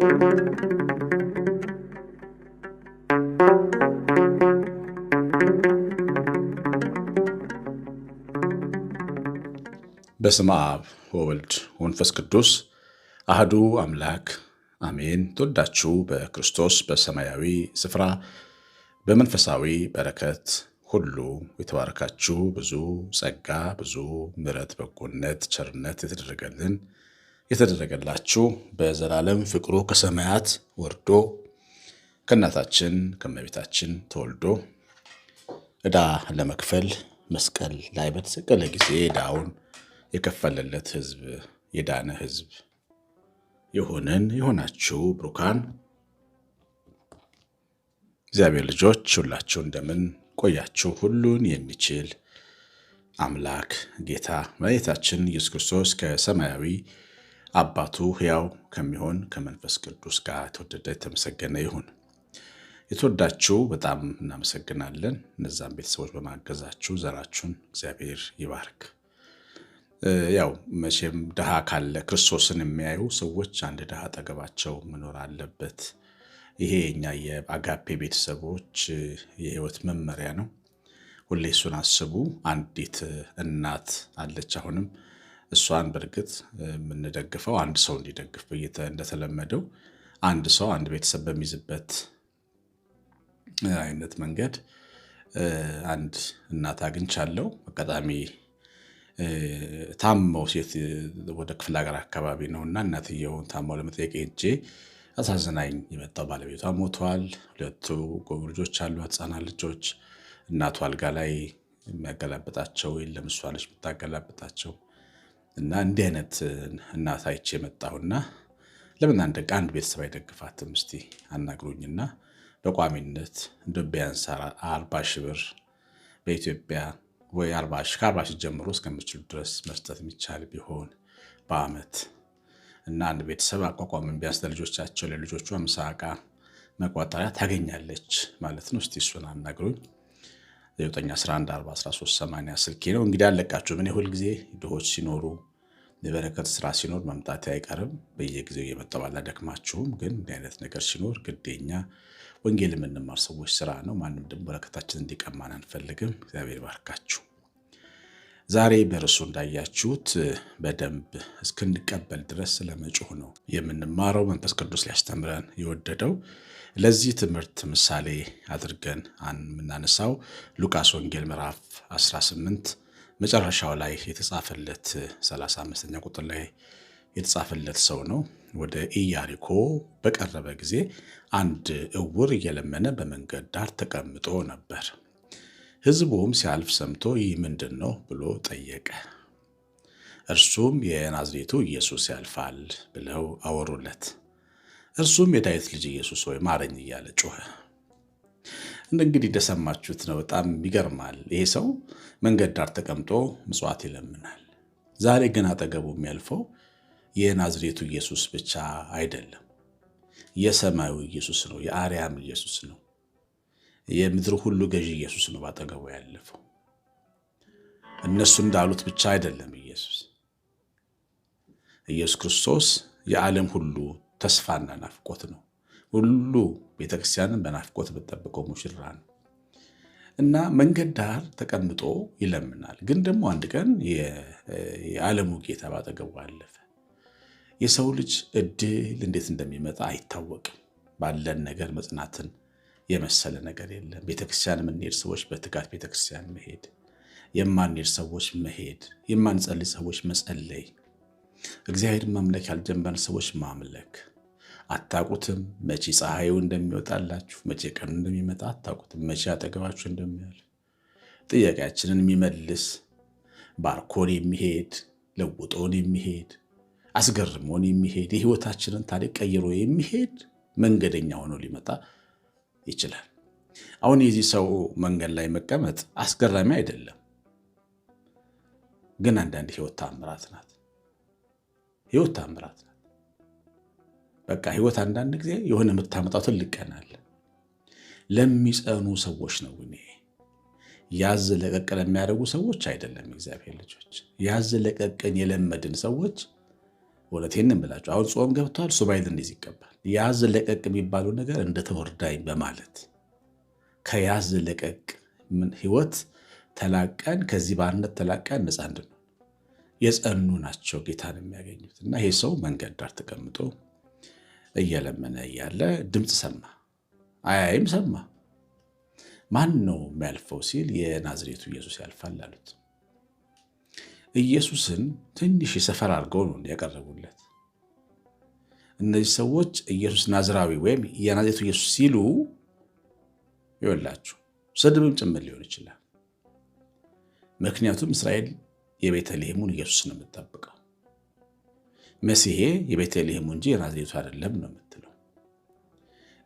በስመ አብ ወወልድ ወንፈስ ቅዱስ አህዱ አምላክ አሜን። ተወዳችሁ በክርስቶስ በሰማያዊ ስፍራ በመንፈሳዊ በረከት ሁሉ የተባረካችሁ ብዙ ጸጋ፣ ብዙ ምሕረት፣ በጎነት፣ ቸርነት የተደረገልን የተደረገላችሁ በዘላለም ፍቅሩ ከሰማያት ወርዶ ከእናታችን ከመቤታችን ተወልዶ ዕዳ ለመክፈል መስቀል ላይ በተሰቀለ ጊዜ ዕዳውን የከፈለለት ሕዝብ የዳነ ሕዝብ የሆነን የሆናችሁ ብሩካን እግዚአብሔር ልጆች ሁላችሁ እንደምን ቆያችሁ? ሁሉን የሚችል አምላክ ጌታ መሬታችን ኢየሱስ ክርስቶስ ከሰማያዊ አባቱ ሕያው ከሚሆን ከመንፈስ ቅዱስ ጋር የተወደደ የተመሰገነ ይሁን። የተወዳችሁ በጣም እናመሰግናለን። እነዛም ቤተሰቦች በማገዛችሁ ዘራችሁን እግዚአብሔር ይባርክ። ያው መቼም ድሃ ካለ ክርስቶስን የሚያዩ ሰዎች አንድ ድሃ አጠገባቸው መኖር አለበት። ይሄ የኛ የአጋፔ ቤተሰቦች የህይወት መመሪያ ነው። ሁሌ እሱን አስቡ። አንዲት እናት አለች አሁንም እሷን በእርግጥ የምንደግፈው አንድ ሰው እንዲደግፍ እንደተለመደው አንድ ሰው አንድ ቤተሰብ በሚይዝበት አይነት መንገድ አንድ እናት አግኝቻለሁ። አጋጣሚ ታመው ሴት ወደ ክፍለ ሀገር አካባቢ ነው እና እናትየውን ታመው ለመጠየቅ ሄጄ አሳዝናኝ የመጣው ባለቤቷ ሞቷል። ሁለቱ ጎብ ልጆች አሉ፣ ሕፃናት ልጆች። እናቱ አልጋ ላይ የሚያገላብጣቸው የለም፣ እሷ ነች የምታገላብጣቸው። እና እንዲህ አይነት እናት አይቼ የመጣሁና ለምን አንድ አንድ ቤተሰብ አይደግፋትም? እስቲ አናግሩኝና በቋሚነት እንደ ቢያንስ አርባ ሺህ ብር በኢትዮጵያ ወይ ከአርባ ሺህ ጀምሮ እስከምችሉ ድረስ መስጠት የሚቻል ቢሆን በአመት እና አንድ ቤተሰብ አቋቋምን ቢያንስ ለልጆቻቸው ለልጆቹ ምሳቃ መቋጠሪያ ታገኛለች ማለት ነው። እስቲ እሱን አናግሩኝ። 11 413 80 ስልኬ ነው። እንግዲህ ምን እኔ ሁልጊዜ ድሆች ሲኖሩ የበረከት ስራ ሲኖር መምጣት አይቀርም። በየጊዜው እየመጣሁ አላደክማችሁም። ግን እንዲህ አይነት ነገር ሲኖር ግዴኛ ወንጌል የምንማር ሰዎች ስራ ነው። ማንም ደግሞ በረከታችን እንዲቀማን አንፈልግም። እግዚአብሔር ባርካችሁ። ዛሬ በርሱ እንዳያችሁት በደንብ እስክንቀበል ድረስ ስለመጮህ ነው የምንማረው። መንፈስ ቅዱስ ሊያስተምረን የወደደው ለዚህ ትምህርት ምሳሌ አድርገን የምናነሳው ሉቃስ ወንጌል ምዕራፍ 18 መጨረሻው ላይ የተጻፈለት 35ኛ ቁጥር ላይ የተጻፈለት ሰው ነው። ወደ ኢያሪኮ በቀረበ ጊዜ አንድ እውር እየለመነ በመንገድ ዳር ተቀምጦ ነበር። ሕዝቡም ሲያልፍ ሰምቶ ይህ ምንድን ነው ብሎ ጠየቀ። እርሱም የናዝሬቱ ኢየሱስ ያልፋል ብለው አወሩለት። እርሱም የዳዊት ልጅ ኢየሱስ ሆይ ማረኝ እያለ ጮኸ። እንግዲህ እንደሰማችሁት ነው። በጣም ይገርማል። ይሄ ሰው መንገድ ዳር ተቀምጦ ምጽዋት ይለምናል። ዛሬ ግን አጠገቡ የሚያልፈው የናዝሬቱ ኢየሱስ ብቻ አይደለም፣ የሰማዩ ኢየሱስ ነው፣ የአርያም ኢየሱስ ነው፣ የምድር ሁሉ ገዢ ኢየሱስ ነው ባጠገቡ ያለፈው። እነሱ እንዳሉት ብቻ አይደለም ኢየሱስ ኢየሱስ ክርስቶስ የዓለም ሁሉ ተስፋና ናፍቆት ነው ሁሉ ቤተክርስቲያንን በናፍቆት የምጠብቀው ሙሽራ ነው እና መንገድ ዳር ተቀምጦ ይለምናል። ግን ደግሞ አንድ ቀን የዓለሙ ጌታ ባጠገቡ አለፈ። የሰው ልጅ እድል እንዴት እንደሚመጣ አይታወቅም። ባለን ነገር መጽናትን የመሰለ ነገር የለም። ቤተክርስቲያን የምንሄድ ሰዎች በትጋት ቤተክርስቲያን መሄድ፣ የማንሄድ ሰዎች መሄድ፣ የማንጸልይ ሰዎች መጸለይ፣ እግዚአብሔር ማምለክ ያልጀመርን ሰዎች ማምለክ አታቁትም መቼ ፀሐዩ እንደሚወጣላችሁ መቼ ቀኑ እንደሚመጣ አታቁትም መቼ አጠገባችሁ እንደሚያል ጥያቄያችንን የሚመልስ ባርኮን የሚሄድ ለውጦን የሚሄድ አስገርሞን የሚሄድ የህይወታችንን ታሪክ ቀይሮ የሚሄድ መንገደኛ ሆኖ ሊመጣ ይችላል። አሁን የዚህ ሰው መንገድ ላይ መቀመጥ አስገራሚ አይደለም፣ ግን አንዳንድ ህይወት ታምራት ናት። ህይወት ታምራት ናት። በቃ ህይወት አንዳንድ ጊዜ የሆነ የምታመጣው ትልቅ ቀን አለ። ለሚጸኑ ሰዎች ነው ኔ ያዝ ለቀቅ ለሚያደርጉ ሰዎች አይደለም። እግዚአብሔር ልጆች ያዝ ለቀቅን የለመድን ሰዎች እውነቴን እምላችሁ አሁን ጾም ገብተል ሱባኤ እንደዚህ ይገባል። ያዝ ለቀቅ የሚባለው ነገር እንደ ተወርዳኝ በማለት ከያዝ ለቀቅ ህይወት ተላቀን ከዚህ ባርነት ተላቀን ነፃ እንድንሆን የጸኑ ናቸው ጌታን የሚያገኙት እና ይሄ ሰው መንገድ ዳር ተቀምጦ እየለመነ እያለ ድምፅ ሰማ። አያይም ሰማ። ማን ነው የሚያልፈው ሲል የናዝሬቱ ኢየሱስ ያልፋል አሉት። ኢየሱስን ትንሽ የሰፈር አድርገው ነው ያቀረቡለት። እነዚህ ሰዎች ኢየሱስ ናዝራዊ ወይም የናዝሬቱ ኢየሱስ ሲሉ ይወላችሁ ስድብም ጭምር ሊሆን ይችላል። ምክንያቱም እስራኤል የቤተልሔሙን ኢየሱስ ነው የምጠብቀው። መሲሄ የቤተልሔሙ እንጂ የናዝሬቱ አይደለም ነው የምትለው።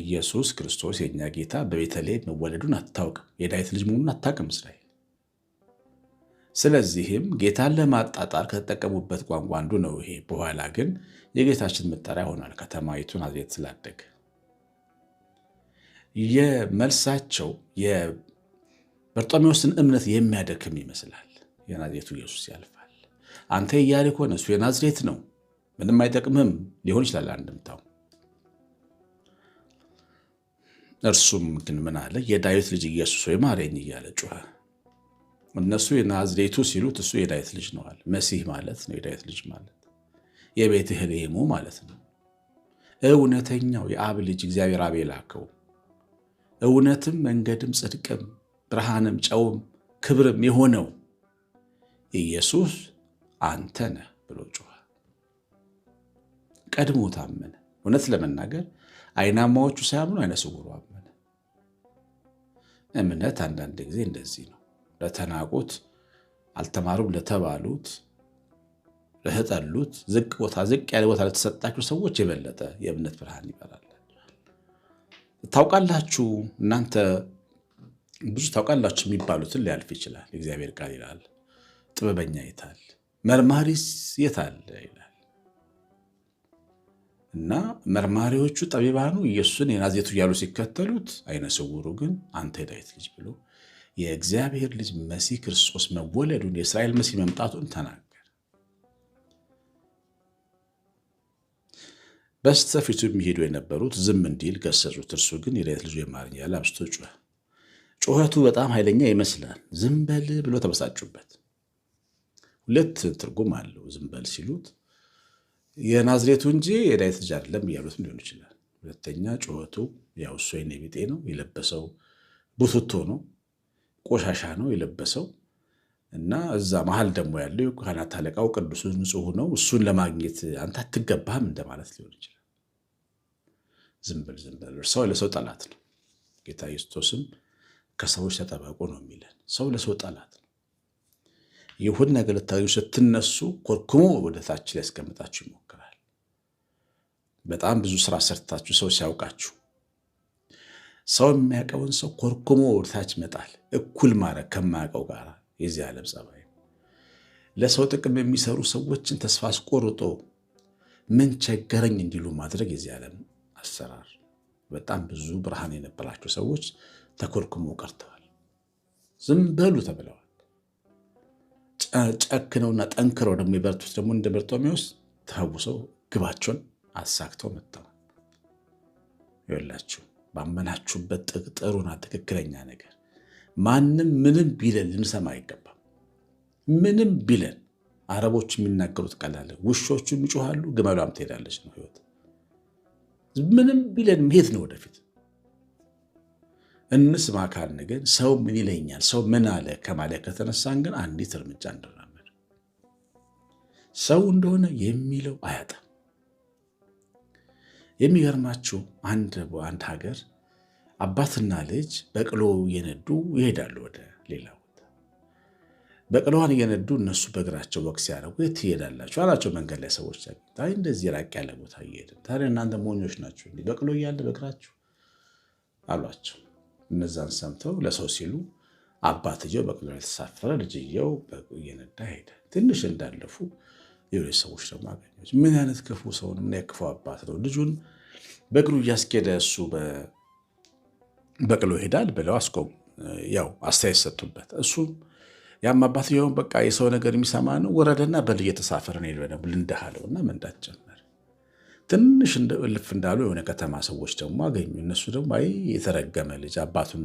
ኢየሱስ ክርስቶስ የእኛ ጌታ በቤተልሔም መወለዱን አታውቅም። የዳዊት ልጅ መሆኑን አታውቅም እስራኤል። ስለዚህም ጌታን ለማጣጣር ከተጠቀሙበት ቋንቋ አንዱ ነው ይሄ። በኋላ ግን የጌታችን መጠሪያ ሆኗል፣ ከተማይቱ ናዝሬት ስላደገ። የመልሳቸው የበርጦሜዎስን እምነት የሚያደክም ይመስላል። የናዝሬቱ ኢየሱስ ያልፋል፣ አንተ የኢያሪኮ ነህ፣ እሱ የናዝሬት ነው ምንም አይጠቅምም ሊሆን ይችላል አንድምታው። እርሱም ግን ምን አለ? የዳዊት ልጅ ኢየሱስ ወይ ማረኝ እያለ ጩኸ። እነሱ የናዝሬቱ ሲሉት እሱ የዳዊት ልጅ ነዋል። መሲህ ማለት ነው የዳዊት ልጅ ማለት የቤተልሔሙ ማለት ነው። እውነተኛው የአብ ልጅ እግዚአብሔር አብ የላከው እውነትም መንገድም ጽድቅም ብርሃንም ጨውም ክብርም የሆነው ኢየሱስ አንተ ነህ ብሎ ጮኸ። ቀድሞ ታመነ። እውነት ለመናገር አይናማዎቹ ሳያምኑ አይነ ስውሩ አመነ። እምነት አንዳንድ ጊዜ እንደዚህ ነው። ለተናቁት፣ አልተማሩም ለተባሉት፣ ለተጠሉት ዝቅ ቦታ ዝቅ ያለ ቦታ ለተሰጣችሁ ሰዎች የበለጠ የእምነት ብርሃን ይበራል። ታውቃላችሁ እናንተ ብዙ ታውቃላችሁ የሚባሉትን ሊያልፍ ይችላል። የእግዚአብሔር ቃል ይላል ጥበበኛ የታል? መርማሪስ የታል? ይላል እና መርማሪዎቹ ጠቢባኑ ኢየሱስን የናዜቱ እያሉ ሲከተሉት፣ አይነ ስውሩ ግን አንተ የዳዊት ልጅ ብሎ የእግዚአብሔር ልጅ መሲህ ክርስቶስ መወለዱን የእስራኤል መሲህ መምጣቱን ተናገር። በስተፊቱ የሚሄዱ የነበሩት ዝም እንዲል ገሰጹት። እርሱ ግን የዳዊት ልጅ የማርኝ ያለ አብስቶ ጩኸ። ጩኸቱ በጣም ኃይለኛ ይመስላል። ዝም በል ብሎ ተበሳጩበት። ሁለት ትርጉም አለው። ዝም በል ሲሉት የናዝሬቱ እንጂ የዳዊት ልጅ አይደለም እያሉትም ሊሆን ይችላል። ሁለተኛ ጩኸቱ ያው እሱ የኔ ቢጤ ነው የለበሰው ቡትቶ ነው ቆሻሻ ነው የለበሰው እና እዛ መሀል ደግሞ ያለው የካህናት አለቃው ቅዱሱ ንጹሕ ነው እሱን ለማግኘት አንተ አትገባህም እንደማለት ሊሆን ይችላል። ዝም በል ዝም ሰው ለሰው ጠላት ነው። ጌታ ክርስቶስም ከሰዎች ተጠበቁ ነው የሚለን። ሰው ለሰው ጠላት ነው። የሆነ ነገር ስትነሱ ኮርኩሞ ወደ ታች ሊያስቀምጣችሁ ይሞክራል። በጣም ብዙ ስራ ሰርታችሁ ሰው ሲያውቃችሁ ሰው የሚያውቀውን ሰው ኮርኩሞ ወደ ታች ይመጣል። እኩል ማድረግ ከማያውቀው ጋር የዚህ ዓለም ጸባይ። ለሰው ጥቅም የሚሰሩ ሰዎችን ተስፋ አስቆርጦ ምን ቸገረኝ እንዲሉ ማድረግ የዚህ ዓለም አሰራር። በጣም ብዙ ብርሃን የነበራቸው ሰዎች ተኮርኩሞ ቀርተዋል። ዝም በሉ ተብለዋል። ጨክነውና ጠንክረው ደግሞ የበረቱት ደግሞ እንደ በርጦሜዎስ ተሐውሰው ግባቸውን አሳክተው መጥተዋል። ይላችሁ ባመናችሁበት ጥሩና ትክክለኛ ነገር ማንም ምንም ቢለን ልንሰማ አይገባም። ምንም ቢለን አረቦች የሚናገሩት ቀላለ ውሾቹ ይጮሃሉ፣ ግመሏም ትሄዳለች ነው ህይወት። ምንም ቢለን መሄድ ነው ወደፊት እንስማ ካልን ግን ሰው ምን ይለኛል፣ ሰው ምን አለ ከማለት ከተነሳን ግን አንዲት እርምጃ እንራመድ። ሰው እንደሆነ የሚለው አያጣም። የሚገርማችሁ አንድ በአንድ ሀገር አባትና ልጅ በቅሎ እየነዱ ይሄዳሉ ወደ ሌላ ቦታ። በቅሎዋን እየነዱ እነሱ በእግራቸው ወቅ ሲያደርጉ የት ትሄዳላችሁ አላቸው። መንገድ ላይ ሰዎች አይ እንደዚህ ራቅ ያለ ቦታ እየሄድን ታዲያ እናንተ ሞኞች ናቸው፣ በቅሎ እያለ በእግራችሁ አሏቸው። እነዛን ሰምተው ለሰው ሲሉ አባትየው በቅሎ የተሳፈረ ልጅየው እየነዳ ሄደ። ትንሽ እንዳለፉ ሌሎች ሰዎች ደግሞ አገኘች። ምን አይነት ክፉ ሰውን ምን ያክፉ አባት ነው! ልጁን በእግሩ እያስኬደ እሱ በቅሎ ይሄዳል ብለው አስቆሙ። ያው አስተያየት ሰጡበት። እሱም ያም አባትየውን በቃ የሰው ነገር የሚሰማ ነው። ወረደና በል እየተሳፈረ ነው ልንዳሃለው እና መንዳት ጀመረ። ትንሽ እልፍ እንዳሉ የሆነ ከተማ ሰዎች ደግሞ አገኙ። እነሱ ደግሞ አይ የተረገመ ልጅ አባቱን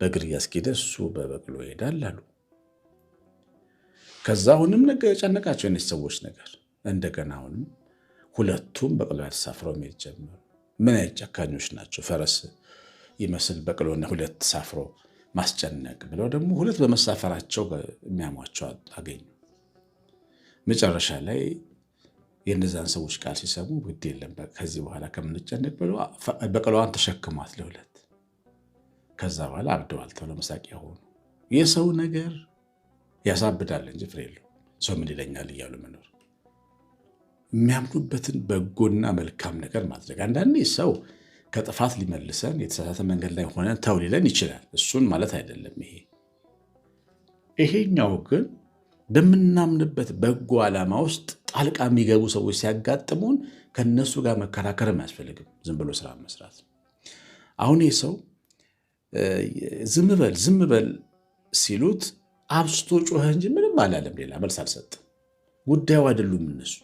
በእግር እያስኬደ እሱ በበቅሎ ይሄዳል አሉ። ከዛ አሁንም ነገር የጨነቃቸው የነች ሰዎች ነገር። እንደገና አሁንም ሁለቱም በቅሎ ያተሳፍረው መሄድ ጀመሩ። ምን አይነት ጨካኞች ናቸው! ፈረስ ይመስል በቅሎና ሁለት ተሳፍሮ ማስጨነቅ ብለው ደግሞ ሁለት በመሳፈራቸው የሚያሟቸው አገኙ። መጨረሻ ላይ የእነዛን ሰዎች ቃል ሲሰሙ ውድ የለም ከዚህ በኋላ ከምንጨነቅ ብሎ ተሸክሟት ለሁለት ከዛ በኋላ አብደዋል ተብለ መሳቂ የሆኑ የሰው ነገር ያሳብዳል እንጂ ፍሬ የለውም። ሰው ምን ይለኛል እያሉ መኖር የሚያምኑበትን በጎና መልካም ነገር ማድረግ። አንዳንዴ ሰው ከጥፋት ሊመልሰን የተሳሳተ መንገድ ላይ ሆነን ተው ሊለን ይችላል። እሱን ማለት አይደለም ይሄ ይሄኛው ግን በምናምንበት በጎ ዓላማ ውስጥ ጣልቃ የሚገቡ ሰዎች ሲያጋጥሙን ከነሱ ጋር መከራከርም አያስፈልግም። ዝም ብሎ ስራ መስራት። አሁን ይህ ሰው ዝም በል ዝም በል ሲሉት አብስቶ ጮኸ እንጂ ምንም አላለም። ሌላ መልስ አልሰጥም። ጉዳዩ አይደሉም እነሱ።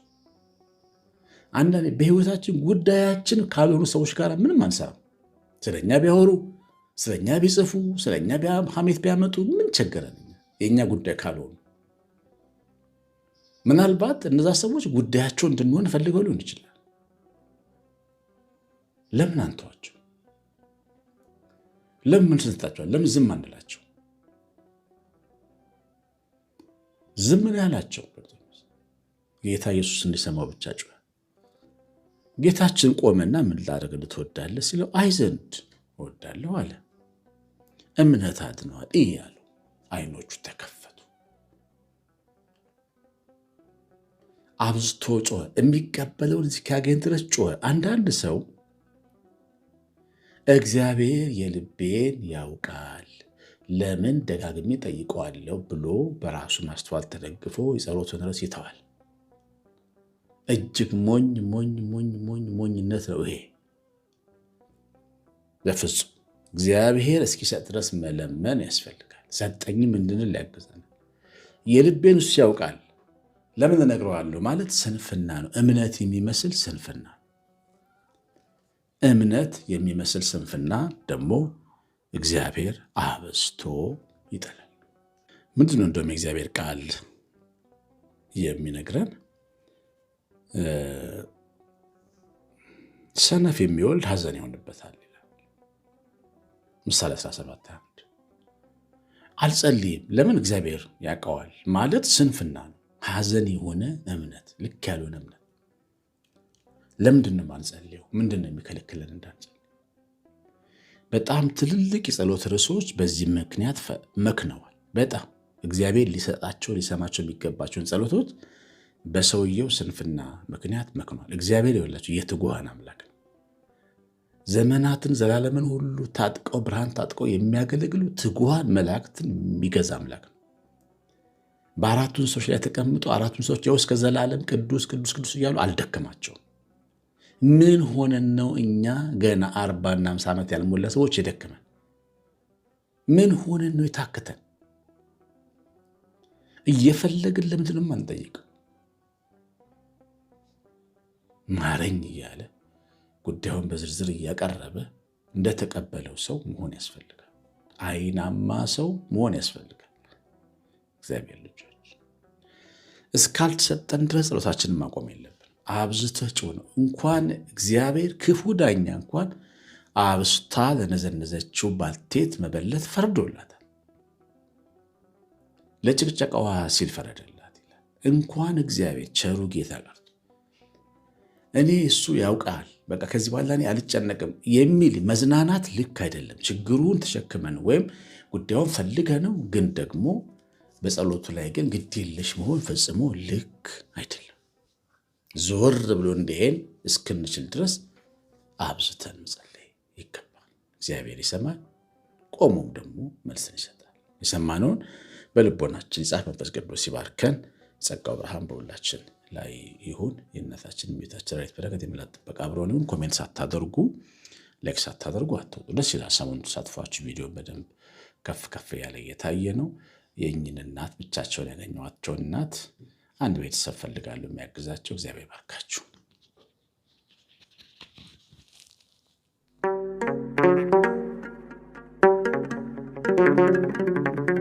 አንዳንዴ በህይወታችን ጉዳያችን ካልሆኑ ሰዎች ጋር ምንም አንሰራም። ስለኛ ቢያወሩ፣ ስለኛ ቢጽፉ፣ ስለኛ ሐሜት ቢያመጡ ምን ቸገረን? የእኛ ጉዳይ ካልሆኑ ምናልባት እነዛ ሰዎች ጉዳያቸው እንድንሆን ፈልገው ሊሆን ይችላል። ለምን አንተዋቸው? ለምን ስንታቸዋል? ለምን ዝም አንላቸው? ዝም ነው ያላቸው። ጌታ ኢየሱስ እንዲሰማው ብቻ ጮኸ። ጌታችን ቆመና ምን ላደርግልህ ትወዳለህ ሲለው አይ ዘንድ እወዳለሁ አለ። እምነትህ አድኖሃል እያሉ አይኖቹ ተከፍ አብዝቶ ጮኸ። የሚቀበለውን እስኪያገኝ ድረስ ጮኸ። አንዳንድ ሰው እግዚአብሔር የልቤን ያውቃል ለምን ደጋግሜ ጠይቀዋለሁ ብሎ በራሱ ማስተዋል ተደግፎ የጸሎቱን ርዕስ ይተዋል። እጅግ ሞኝ ሞኝ ሞኝ ሞኝ ሞኝነት ነው ይሄ በፍጹም እግዚአብሔር እስኪሰጥ ድረስ መለመን ያስፈልጋል። ሰጠኝም እንድንል ያግዘናል። የልቤን እሱ ያውቃል ለምን እነግረዋለሁ ማለት ስንፍና ነው። እምነት የሚመስል ስንፍና፣ እምነት የሚመስል ስንፍና ደግሞ እግዚአብሔር አበስቶ ይጠላል። ምንድን ነው እንደውም የእግዚአብሔር ቃል የሚነግረን ሰነፍ የሚወልድ ሐዘን ይሆንበታል ይላል። ምሳሌ 17 አልጸልይም ለምን እግዚአብሔር ያውቀዋል ማለት ስንፍና ነው። ሐዘን የሆነ እምነት፣ ልክ ያልሆነ እምነት። ለምንድን ነው የማንጸልየው? ምንድን ነው የሚከለክለን እንዳንጸልይ? በጣም ትልልቅ የጸሎት ርዕሶች በዚህ ምክንያት መክነዋል። በጣም እግዚአብሔር ሊሰጣቸው ሊሰማቸው የሚገባቸውን ጸሎቶች በሰውየው ስንፍና ምክንያት መክኗል። እግዚአብሔር የወላቸው የትጉሃን አምላክ ነው። ዘመናትን ዘላለምን ሁሉ ታጥቀው ብርሃን ታጥቀው የሚያገለግሉ ትጉሃን መላእክትን የሚገዛ አምላክ ነው። በአራቱ እንስሶች ላይ ተቀምጦ አራቱ እንስሶች የው እስከ ዘላለም ቅዱስ ቅዱስ ቅዱስ እያሉ አልደከማቸውም። ምን ሆነን ነው እኛ ገና አርባና አምሳ ዓመት ያልሞላ ሰዎች የደክመን? ምን ሆነን ነው የታክተን? እየፈለግን ለምንድነው አንጠይቅ? ማረኝ እያለ ጉዳዩን በዝርዝር እያቀረበ እንደተቀበለው ሰው መሆን ያስፈልጋል። አይናማ ሰው መሆን ያስፈልጋል። እግዚአብሔር ልጆች እስካልተሰጠን ድረስ ጸሎታችንን ማቆም የለብን። አብዝተህ ጩህ ነው። እንኳን እግዚአብሔር ክፉ ዳኛ እንኳን አብስታ ለነዘነዘችው ባልቴት መበለት ፈርዶላታል። ለጭቅጨቃዋ ሲል ፈረደላት ይላል። እንኳን እግዚአብሔር ቸሩ ጌታ ጋር እኔ እሱ ያውቃል በቃ ከዚህ በኋላ እኔ አልጨነቅም የሚል መዝናናት ልክ አይደለም። ችግሩን ተሸክመን ወይም ጉዳዩን ፈልገ ነው ግን ደግሞ በጸሎቱ ላይ ግን ግድ የለሽ መሆን ፈጽሞ ልክ አይደለም። ዞር ብሎ እንዲሄን እስክንችል ድረስ አብዝተን መጸለይ ይገባል። እግዚአብሔር ይሰማል፣ ቆሞም ደግሞ መልስን ይሰጣል። የሰማነውን በልቦናችን ይጻፍ። መንፈስ ቅዱስ ሲባርከን ጸጋው ብርሃን በሁላችን ላይ ይሁን። የእናታችን ቤታችን ራይት በረከት የመላት ጥበቃ አብሮን ይሁን። ኮሜንት ሳታደርጉ ላይክ ሳታደርጉ አትወጡ። ደስ ይላል። ሰሞኑን ተሳትፏችሁ ቪዲዮ በደንብ ከፍ ከፍ ያለ እየታየ ነው። የእኝን እናት ብቻቸውን ያገኘኋቸውን እናት አንድ ቤተሰብ ፈልጋሉ የሚያግዛቸው። እግዚአብሔር you.